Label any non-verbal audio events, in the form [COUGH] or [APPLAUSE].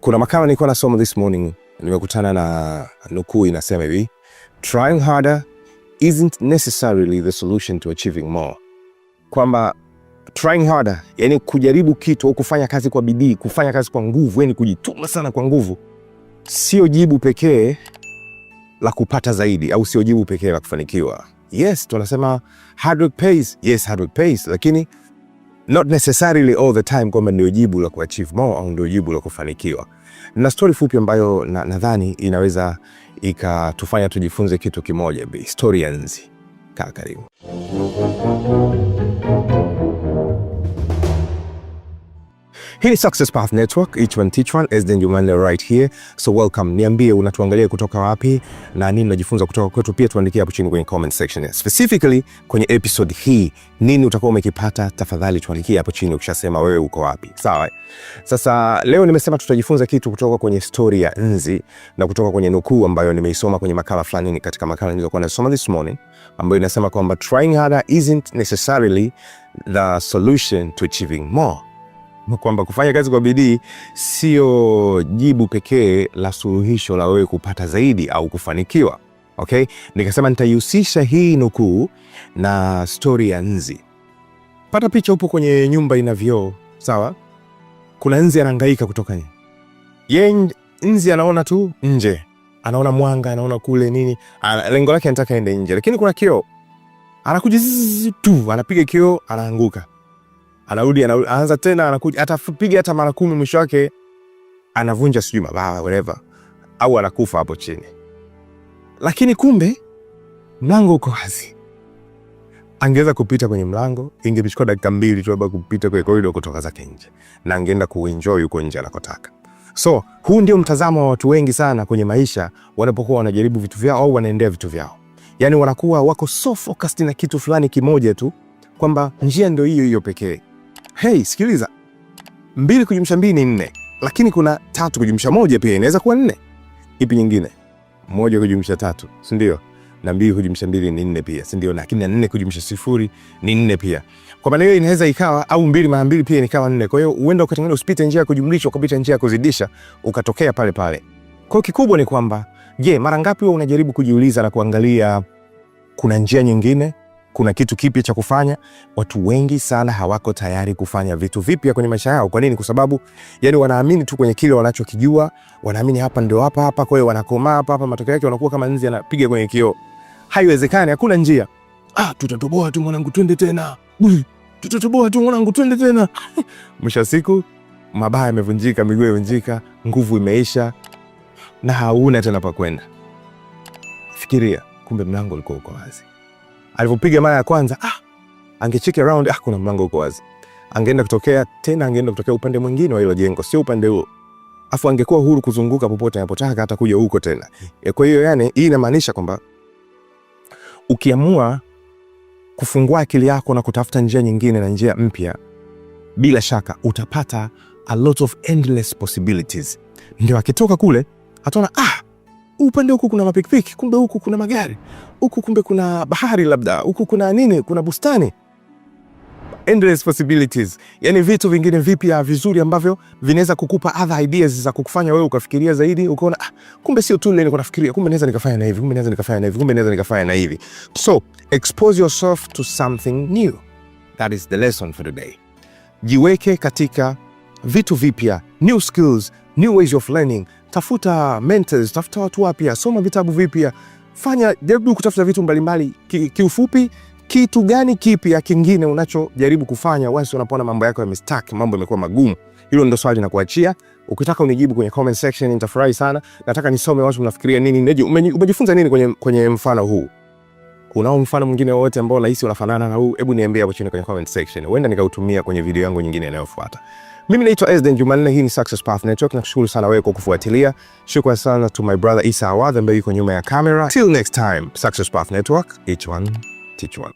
kuna makala nilikuwa nasoma this morning, nimekutana na nukuu inasema hivi, trying harder isn't necessarily the solution to achieving more, kwamba trying harder, yani kujaribu kitu au kufanya kazi kwa bidii, kufanya kazi kwa nguvu, yani kujituma sana kwa nguvu, sio jibu pekee la kupata zaidi, au sio jibu pekee la kufanikiwa. Yes, tunasema hard work pays. Yes, hard work pays, lakini not necessarily all the time kwamba ndio jibu la kuachieve more au ndio jibu la kufanikiwa. Na stori fupi ambayo nadhani na inaweza ikatufanya tujifunze kitu kimoja, nzi kaa karibu Hii ni Success Path Network, each one teach one as the human right here. So welcome. Niambie unatuangalia kutoka wapi na nini unajifunza kutoka kwetu, pia tuandikie hapo chini kwenye comment section. Specifically kwenye episode hii nini utakuwa umekipata, tafadhali tuandikie hapo chini ukishasema wewe uko wapi. Sawa? Eh? Sasa leo nimesema tutajifunza kitu kutoka kwenye story ya nzi na kutoka kwenye nukuu ambayo nimeisoma kwenye makala fulani, ni katika makala nilizokuwa nasoma this morning ambayo inasema kwamba trying harder isn't necessarily the solution to achieving more kwamba kufanya kazi kwa bidii sio jibu pekee la suluhisho la wewe kupata zaidi au kufanikiwa. Okay, nikasema nitaihusisha hii nukuu na stori ya nzi. Pata picha, upo kwenye nyumba ina vioo, sawa? Kuna nzi anahangaika kutoka nje. Ye nzi anaona tu nje, anaona mwanga, anaona kule nini, lengo lake anataka ende nje, lakini kuna kioo, anakuja tu anapiga kioo, anaanguka anarudi anaanza tena anakuja, atapiga hata mara kumi, mwisho wake anavunja sijui mabawa whatever, au anakufa hapo chini. Lakini kumbe mlango uko wazi, angeweza kupita kwenye mlango, ingemchukua dakika mbili tu labda kupita kwenye korido kutoka zake nje, na angeenda kuenjoy huko nje anakotaka. So huu ndio mtazamo wa watu wengi sana kwenye maisha, wanapokuwa wanajaribu vitu vyao au wanaendea vitu vyao, yani wanakuwa wako so focused na kitu fulani kimoja tu, kwamba njia ndio hiyo hiyo pekee Hey, sikiliza, mbili kujumsha mbili ni nne, lakini kuna tatu kujumsha moja pia inaweza kuwa nne. Ipi nyingine? Moja kujumsha tatu, si ndio? Na mbili kujumsha mbili ni nne pia, si ndio? Lakini na nne kujumsha sifuri ni nne pia. Kwa maana hiyo inaweza ikawa au mbili mara mbili pia ikawa nne. Kwa hiyo uenda ukatengeneza, usipite njia ya kujumlisha ukapita njia ya kuzidisha, ukatokea pale pale. Kwa hiyo kikubwa ni kwamba je, mara ngapi wewe unajaribu kujiuliza na kuangalia kuna njia nyingine kuna kitu kipya cha kufanya. Watu wengi sana hawako tayari kufanya vitu vipya kwenye maisha yao. Kwa nini? Kwa sababu yani wanaamini tu kwenye kile wanachokijua, wanaamini hapa ndio hapa hapa, kwa hiyo wanakomaa hapa hapa, matokeo yake wanakuwa kama nzi anapiga kwenye kioo. Haiwezekani, hakuna njia. Ah, tutatoboa tu mwanangu, twende tena, tutatoboa tu mwanangu, twende tena. [LAUGHS] Mwisho siku mabaya yamevunjika, miguu imevunjika, nguvu imeisha na hauna tena pa kwenda. Fikiria, kumbe mlango ulikuwa uko wazi alivyopiga mara ya kwanza ah, angecheck around ah, kuna mlango uko wazi, angeenda kutokea tena, angeenda kutokea upande mwingine wa hilo jengo, sio upande huo, afu angekuwa huru kuzunguka popote anapotaka, hata kuja huko tena. Eh, kwa hiyo yani, hii inamaanisha kwamba ukiamua kufungua akili yako na kutafuta njia nyingine na njia mpya, bila shaka utapata a lot of endless possibilities. Ndio akitoka kule ataona ah upande huku kuna mapikipiki, kumbe huku kuna magari, huku kumbe kuna bahari, labda huku kuna nini, kuna bustani. Endless possibilities. Yani vitu vingine vipya vizuri ambavyo vinaweza kukupa other ideas za kukufanya wewe ukafikiria zaidi, ukaona ah, kumbe sio tu ile nilikuwa nafikiria, kumbe naweza nikafanya na hivi, kumbe naweza nikafanya na hivi, kumbe naweza nikafanya na hivi. So, expose yourself to something new. That is the lesson for today. Jiweke katika vitu vipya, new skills, new ways of learning tafuta mentors, tafuta watu wapya, soma vitabu vipya, fanya jaribu kutafuta vitu mbalimbali. Kiufupi ki kitu gani kipya kingine unachojaribu kufanya once unapoona mambo yako yamestuck, mambo yamekuwa magumu? Hilo ndo swali nakuachia. Ukitaka unijibu kwenye comment section, nitafurahi sana. Nataka nisome watu mnafikiria nini, umejifunza nini kwenye, kwenye mfano huu. Unao mfano mwingine wowote ambao unahisi unafanana na huu? Hebu niambie hapo chini kwenye comment section, huenda nikautumia kwenye video yangu nyingine inayofuata. Mimi naitwa Ezden Jumanne, hii ni Success Path Network. Nakushukuru sana wewe kwa kufuatilia. Shukrani sana to my brother Isa awadh ambaye yuko nyuma ya kamera. Till next time, Success Path Network, each one teach one.